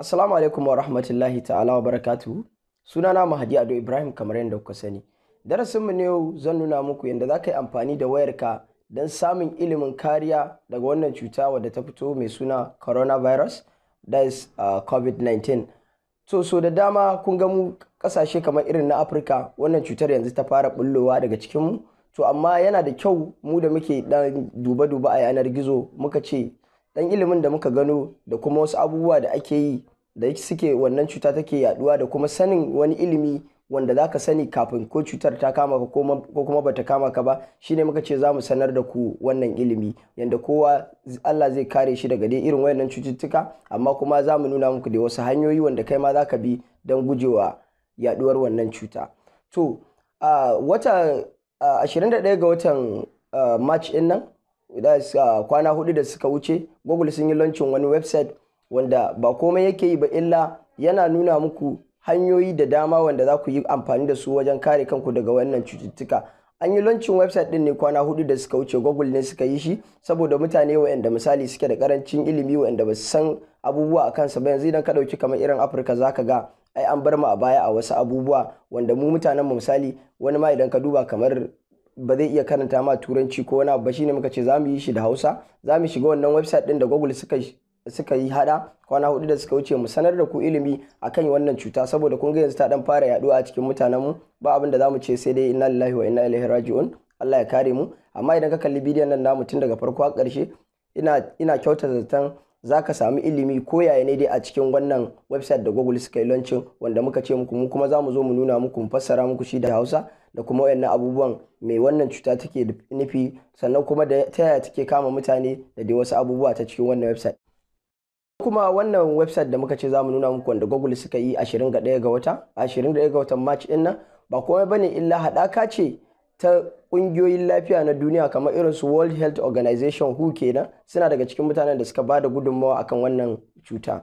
Assalamu alaikum wa rahmatullahi ta'ala wa barakatuhu. Sunana Mahadi Ado Ibrahim kamar yadda kuka sani. Darasin mu ne yau zan nuna muku yadda za ka yi amfani da wayarka don samun ilimin kariya daga wannan cuta wadda ta fito mai suna coronavirus that is uh, COVID-19. to so da dama kun ga mu kasashe kamar irin na Afirka wannan cutar yanzu ta fara bullowa daga cikin mu. To amma yana da kyau mu da muke dan duba-duba a yanar gizo muka ce dan ilimin da muka gano da kuma wasu abubuwa da ake yi da suke wannan cuta take yaduwa da kuma sanin wani ilimi wanda zaka sani kafin ko cutar ta kama ka ko kuma bata kama ka ba shine muka ce zamu sanar da ku wannan ilimi yanda kowa Allah zai kare shi daga dai irin wayannan cututtuka amma kuma zamu nuna muku da wasu hanyoyi wanda kai ma zaka ka bi don gujewa yaduwar wannan cuta to a wata 21 ga watan march din nan kwana hudu da suka wuce google sun yi lancin wani website wanda ba komai yake yi ba illa yana nuna muku hanyoyi da dama wanda za ku yi amfani da su wajen kare kanku daga wannan cututtuka an yi lancin website din ne kwana hudu da suka wuce google ne suka yi shi saboda mutane waɗanda misali suke da karancin ilimi waɗanda ba su san abubuwa a kansa ba yanzu idan ka ɗauki kamar irin afirka ka ga ai an bar mu a baya a wasu abubuwa wanda mu mutanen mu misali wani ma idan ka duba kamar ba zai iya karanta ma turanci ko wani abu ba shine muka ce za mu yi shi da hausa za mu shiga wannan website din da google suka yi hada kwana hudu da suka wuce mu sanar da ku ilimi akan wannan cuta saboda kun ga yanzu ta dan fara yaduwa a cikin mutanen mu ba abin da za mu ce sai dai inna lillahi wa inna ilaihi raji'un Allah ya kare mu amma idan ka kalli bidiyon nan namu tun daga farko har karshe ina ina kyautata zaton za ka samu ilimi ko yaya ne dai a cikin wannan website da google suka yi launching wanda muka ce muku mu kuma za mu zo mu nuna muku mu fassara muku shi da hausa da kuma wayannan abubuwan mai wannan cuta take nufi sannan kuma da ta yaya take kama mutane da dai wasu abubuwa ta cikin wannan website kuma wannan website da muka ce zamu nuna muku wanda Google suka yi 21 ga wata 21 ga watan March din nan ba komai bane illa hadaka ce ta kungiyoyin lafiya na duniya kamar irin su World Health Organization WHO kenan suna daga cikin mutanen da suka bada gudunmawa akan wannan cuta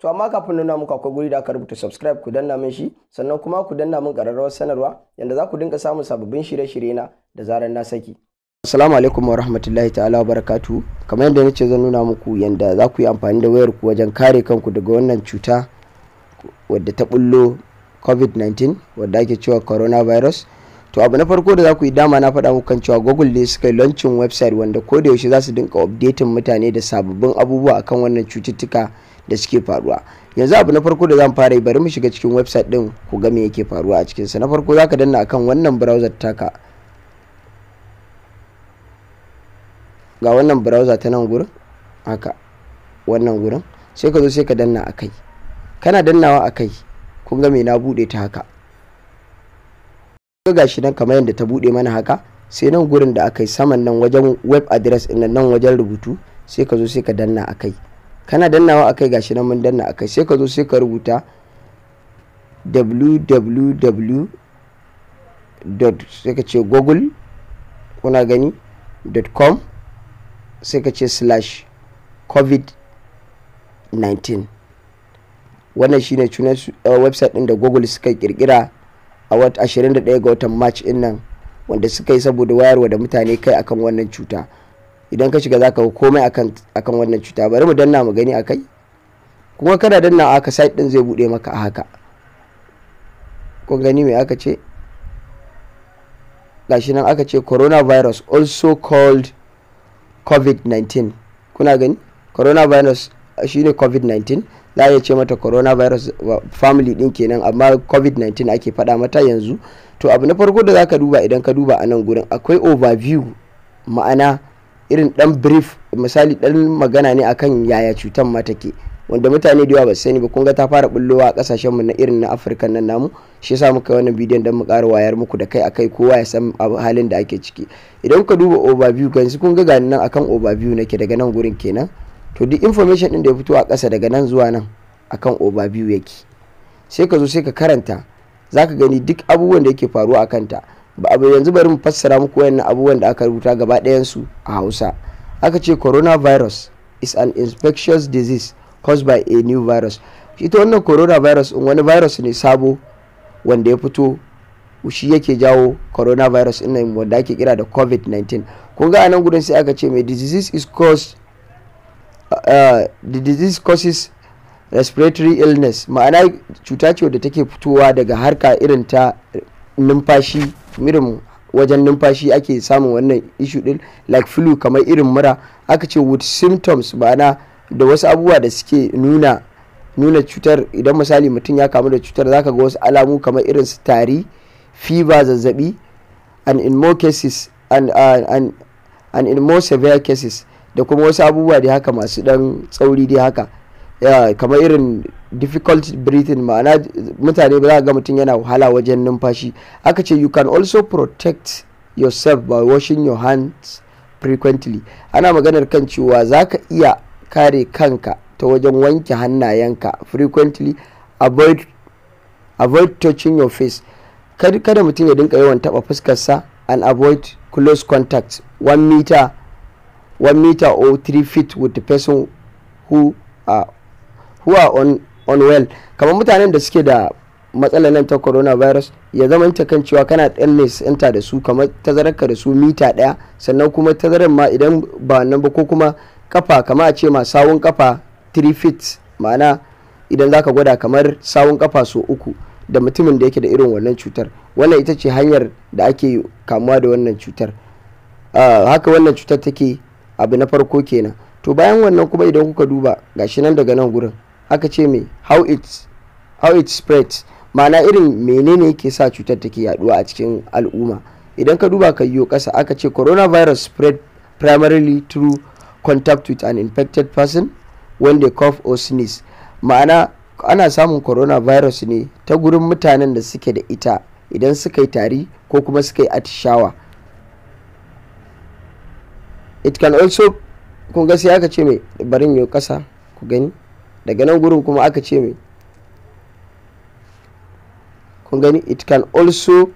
to amma kafin nuna muku akwai guri da aka rubuta subscribe ku danna min shi sannan kuma ku danna min ƙararrawar sanarwa yanda za ku dinka samun sababbin shirye-shirye na da zarar na saki Assalamu alaikum wa rahmatullahi ta'ala wa barakatu kamar yadda nace zan nuna muku yanda za ku yi amfani da wayar ku wajen kare kanku daga wannan cuta wadda ta bullo covid-19 wadda ake cewa coronavirus to abu na farko da za ku yi dama na faɗa muku kan cewa google ne suka yi launching website wanda ko yaushe za su dinka updating mutane da sababbin abubuwa akan wannan cututtuka da suke faruwa yanzu abu na farko da zan fara yi bari mu shiga cikin website din ku ga me yake faruwa a cikinsa na farko zaka danna akan wannan browser taka ga wannan browser ta nan gurin haka wannan gurin sai ka zo sai ka danna a kai kana dannawa a kai kun ga me na bude ta haka ga gashi nan kamar yadda ta bude mana haka sai nan gurin da aka yi saman nan wajen web address ɗin nan wajen rubutu sai ka zo sai ka danna a kai kana dannawa akai gashi nan mun danna a kai sai ka zo sai ka rubuta www sai ka ce google kuna gani com sai ka ce slash covid 19 wannan shine ne uh, website din da google suka kirkira a wata 21 ga watan march din nan wanda suka yi saboda wayarwa da mutane kai akan wannan cuta idan ka shiga za ka komai akan wannan cuta bari mu danna mu gani akai kuma kana danna aka site din zai bude maka a haka kun gani me aka ce gashi nan aka ce coronavirus also called covid-19 kuna gani coronavirus shine covid-19 za a iya ce mata coronavirus family din kenan amma covid-19 ake faɗa mata yanzu to abu na farko da za ka duba idan ka duba a nan gurin akwai overview ma'ana irin dan brief misali dan magana ne akan yaya cutan ma take wanda mutane da yawa ba sani ba kun ga ta fara bullowa a kasashen mu na irin na Afirka nan namu shi yasa muka wannan bidiyon dan mu ƙara wayar muku da kai akai kowa ya san halin da ake ciki idan ka duba overview ga yanzu kun ga gani nan akan overview nake daga nan gurin kenan to duk information din da ya fito a ƙasa daga nan zuwa nan akan overview yake sai ka zo sai ka karanta zaka gani duk abubuwan da yake faruwa a kanta abu yanzu bari mu fassara muku wayannan abubuwan da aka rubuta gaba su a hausa aka ce corona virus is an infectious disease caused by a new virus ita wannan corona coronavirus in wani virus ne sabo wanda ya fito shi yake jawo coronavirus nan wanda ake kira da covid-19 kun ga nan gudun sai aka ce mai disease is caused uh, uh, the disease causes respiratory illness ma'ana cuta ce wadda take fitowa daga harka irin ta numfashi irin wajen numfashi ake samun wannan issue din like flu kamar irin mura aka ce with symptoms ma'ana da wasu abubuwa da suke nuna nuna cutar idan misali mutum ya kamu da cutar zaka ga wasu alamu kamar irin su tari fever zazzabi and in more cases and, uh, and, and in more severe cases da kuma wasu abubuwa da haka masu dan tsauri dai haka kamar irin difficult breathing ma'ana mutane ba za ga mutum yana wahala wajen numfashi aka ce you can also protect yourself by washing your hands frequently ana maganar kan cewa za ka iya kare kanka ta wajen wanke hannayenka frequently avoid, avoid touching your face kada mutum ya dinka yawan taba fuskarsa and avoid close contact one meter one meter or three feet with the person who are who are on well kamar mutanen da suke da matsalar nan ta coronavirus ya zama zamanta kan cewa kana ɗan nesanta da su kamar tazararka da su mita ɗaya sannan kuma tazarar ma idan ba nan ba ko kuma kafa kama a ce ma sawun kafa 3 feet ma'ana idan zaka gwada kamar sawun kafa so uku da mutumin da yake da irin wannan cutar wannan ita ce hanyar da ake kamuwa da wannan cutar ah, haka wannan cutar take abu na farko kenan to bayan wannan kuma idan kuka duba gashi nan daga nan gurin aka ce me how it how it spreads ma'ana irin menene ke sa cutar take yaduwa a cikin al'umma idan ka duba ka yiwo kasa aka ce coronavirus spread primarily through contact with an infected person when they cough or sneeze ma'ana ana samun coronavirus ne ta gurin mutanen da suke da ita idan suka yi tari ko kuma suka yi atishawa it can also kun ga sai aka ce mai barin yau kasa ku gani daga nan gurin kuma aka ce mai kun gani it can also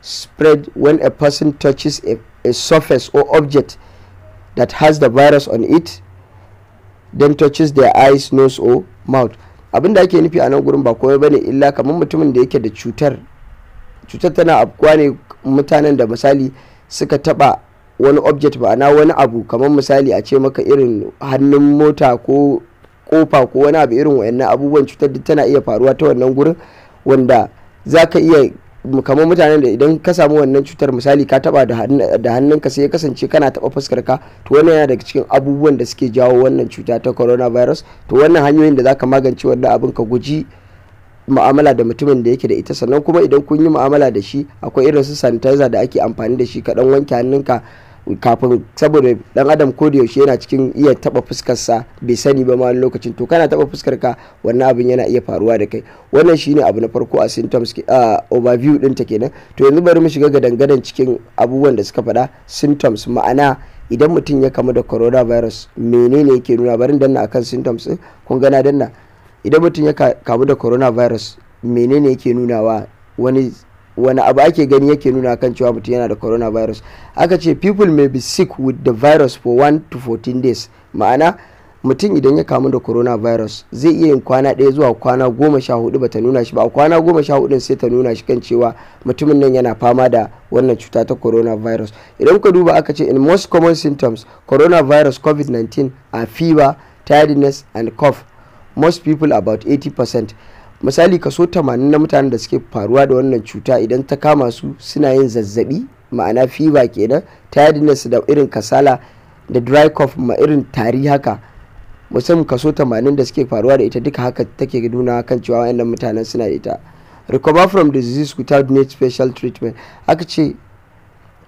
spread when a person touches a, a surface or object that has the virus on it then touches their eyes nose or mouth abinda ake nufi a nan gurin ba komai bane illa kamar mutumin da yake da cutar cutar tana abuwa ne mutanen da misali suka taba wani object ba na wani abu kamar misali a ce maka irin hannun mota ko kofa ko wani abu irin wayannan abubuwan cutar duk tana iya faruwa ta wannan gurin wanda za ka iya kamar mutanen da idan ka samu wannan cutar misali ka taba da hannunka sai ya kasance kana taba fuskar ka to wannan yana daga cikin abubuwan da suke jawo wannan cuta ta coronavirus to wannan hanyoyin da za ka magance wannan abin ka guji mu'amala da mutumin da yake da ita sannan kuma idan kun yi mu'amala da shi akwai irin su sanitizer da ake amfani da shi ka dan wanke hannunka kafin saboda dan adam ko da yaushe yana cikin iya taba fuskarsa bai sani ba ma lokacin to kana taba fuskar ka wannan abin yana iya faruwa da kai wannan shine abu na farko a symptoms a overview din ta kenan to yanzu bari mu shiga ga dangadan cikin abubuwan da suka faɗa symptoms ma'ana idan mutum ya kamu da coronavirus menene yake nuna barin danna akan symptoms kun gana danna idan mutum ya kamu da coronavirus menene yake nunawa wani wani abu ake gani yake nuna kan cewa mutum yana da coronavirus aka ce people may be sick with the virus for 1 to 14 days ma'ana mutum idan ya kamu da coronavirus zai iya yin kwana ɗaya zuwa kwana goma sha hudu ba ta nuna shi ba a kwana goma sha hudun sai ta nuna shi kan cewa mutumin nan yana fama da wannan cuta ta coronavirus idan ka duba aka ce in most common symptoms coronavirus covid-19 are fever tiredness and cough most people about 80 percent misali kaso 80 na mutanen da suke faruwa da wannan cuta idan ta kama su suna yin zazzabi ma'ana fiba kenan tiredness da irin kasala da dry cough ma irin tari haka musamman kaso 80 da suke faruwa da ita duka haka take nuna kan cewa wayannan mutanen suna da ita recover from disease without need special treatment aka ce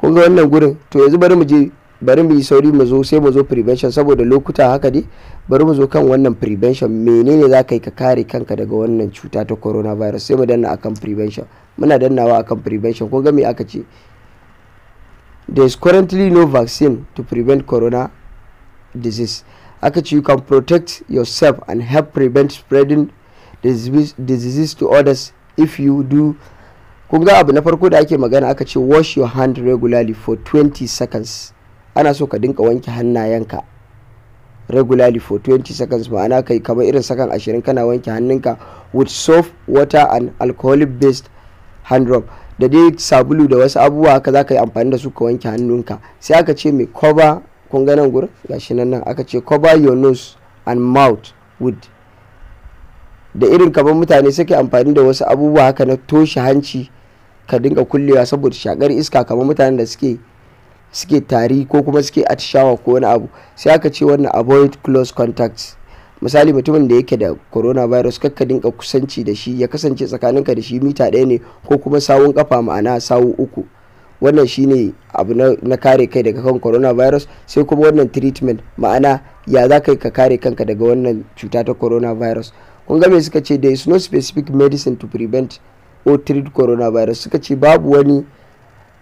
kun ga wannan gurin to yanzu bari mu je bari mu yi sauri mu zo sai mu zo prevention saboda lokuta haka dai bari mu zo kan wannan prevention menene za ka yi ka kare kanka daga wannan cuta ta coronavirus sai mu danna akan prevention muna dannawa akan prevention ko me aka ce there is currently no vaccine to prevent corona disease aka ce you can protect yourself and help prevent spreading disease, diseases to others if you do kun ga abu na farko da ake magana aka ce wash your hand regularly for 20 seconds ana so ka dinka wanke hannayenka regularly for 20 seconds ma'ana kai kamar irin sakan 20 kana wanke hannunka with soap water and alcoholic based hand rub da dai sabulu da wasu abubuwa haka za ka yi amfani da su ka wanke hannunka sai aka ce mai cover kun ga nan gur gashi nan nan aka ce cover your nose and mouth with da irin kamar mutane suke amfani da wasu abubuwa haka na toshe hanci ka dinga kullewa saboda shakar iska kamar mutanen da suke suke tari ko kuma suke atishawa ko wani abu sai aka ce wannan avoid close contacts misali mutumin da yake da coronavirus kakka dinka kusanci da shi ya kasance tsakaninka da shi mita ɗaya ne ko kuma sawun kafa ma'ana sawu uku wannan shine abu na kare kai daga kan coronavirus sai kuma wannan treatment ma'ana ya za ka ka kare kanka daga wannan cuta ta coronavirus kun ga me suka ce there is no specific medicine to prevent or treat coronavirus suka ce babu wani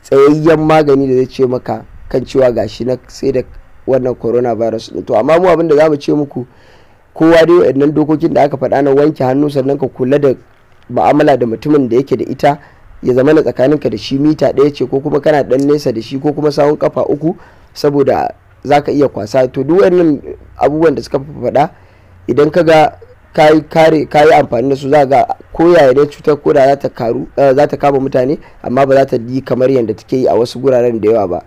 tsayayyen magani da zai ce maka kan cewa gashi na sai da wannan coronavirus din to amma mu abin da zamu ce muku kowa dai waɗannan dokokin da aka faɗa na wanke hannu sannan ka kula da mu'amala da mutumin da yake da ita ya zama na ka da shi mita ɗaya ce ko kuma kana ɗan nesa da shi ko kuma sawun kafa uku saboda za ka iya kwasa to duk wannan abubuwan da suka faɗa idan ka ga ka kare kayi amfani da su za ga koyaya dai cutar koda za ta eh, za ta kama mutane amma ba za ta yi kamar yadda take yi a wasu guraren da yawa ba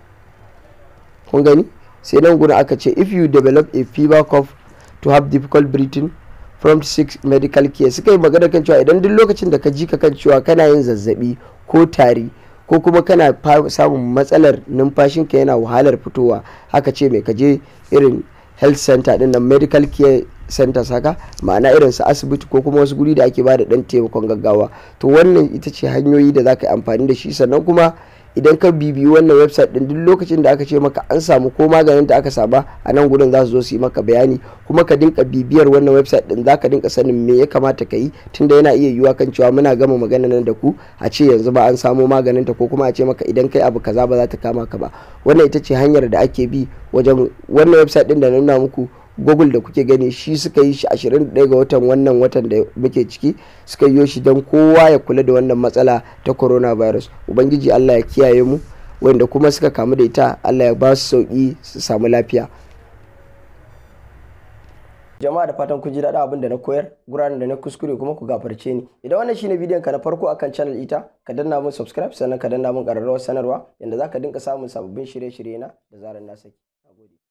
kun gani sai nan gurin aka ce if you develop a fever cough to have difficult breathing from six medical care suka yi magana kan cewa idan duk lokacin da ka ji ka kan cewa kana yin zazzabi ko tari ko kuma kana samun matsalar numfashinka yana wahalar fitowa haka ce mai ka je irin health center din nan medical care centers saka ma'ana irin su asibiti ko kuma wasu guri da ake bada dan taimakon gaggawa to wannan ita ce hanyoyi da zaka yi amfani da shi sannan kuma idan ka bibiyi wannan website din duk lokacin da aka ce maka an samu ko maganin da aka saba a nan gurin za su zo su yi maka bayani kuma ka dinka bibiyar wannan website din zaka dinka sanin me ya kamata ka yi tunda yana iya yiwuwa kan cewa muna gama magana nan da ku a ce yanzu ba an samo maganin ta ko kuma a ce maka idan kai abu kaza ba za ta kama ka ba wannan ita ce hanyar da ake bi wajen wannan website din da nuna muku google da kuke gani shi suka yi shi 21 ga watan wannan watan da muke ciki suka yi shi don kowa ya kula da wannan matsala ta coronavirus ubangiji allah ya kiyaye mu wanda kuma suka kamu da ita allah ya ba su sauki su samu lafiya jama'a da fatan kun ji daɗin abin da na koyar gurare da na kuskure kuma ku gafarce ni idan wannan shine bidiyon ka na farko akan channel ita ka danna mun subscribe sannan ka danna mun ƙararrawar sanarwa yanda za ka dinka samun sababbin shirye-shirye na da zarar na saki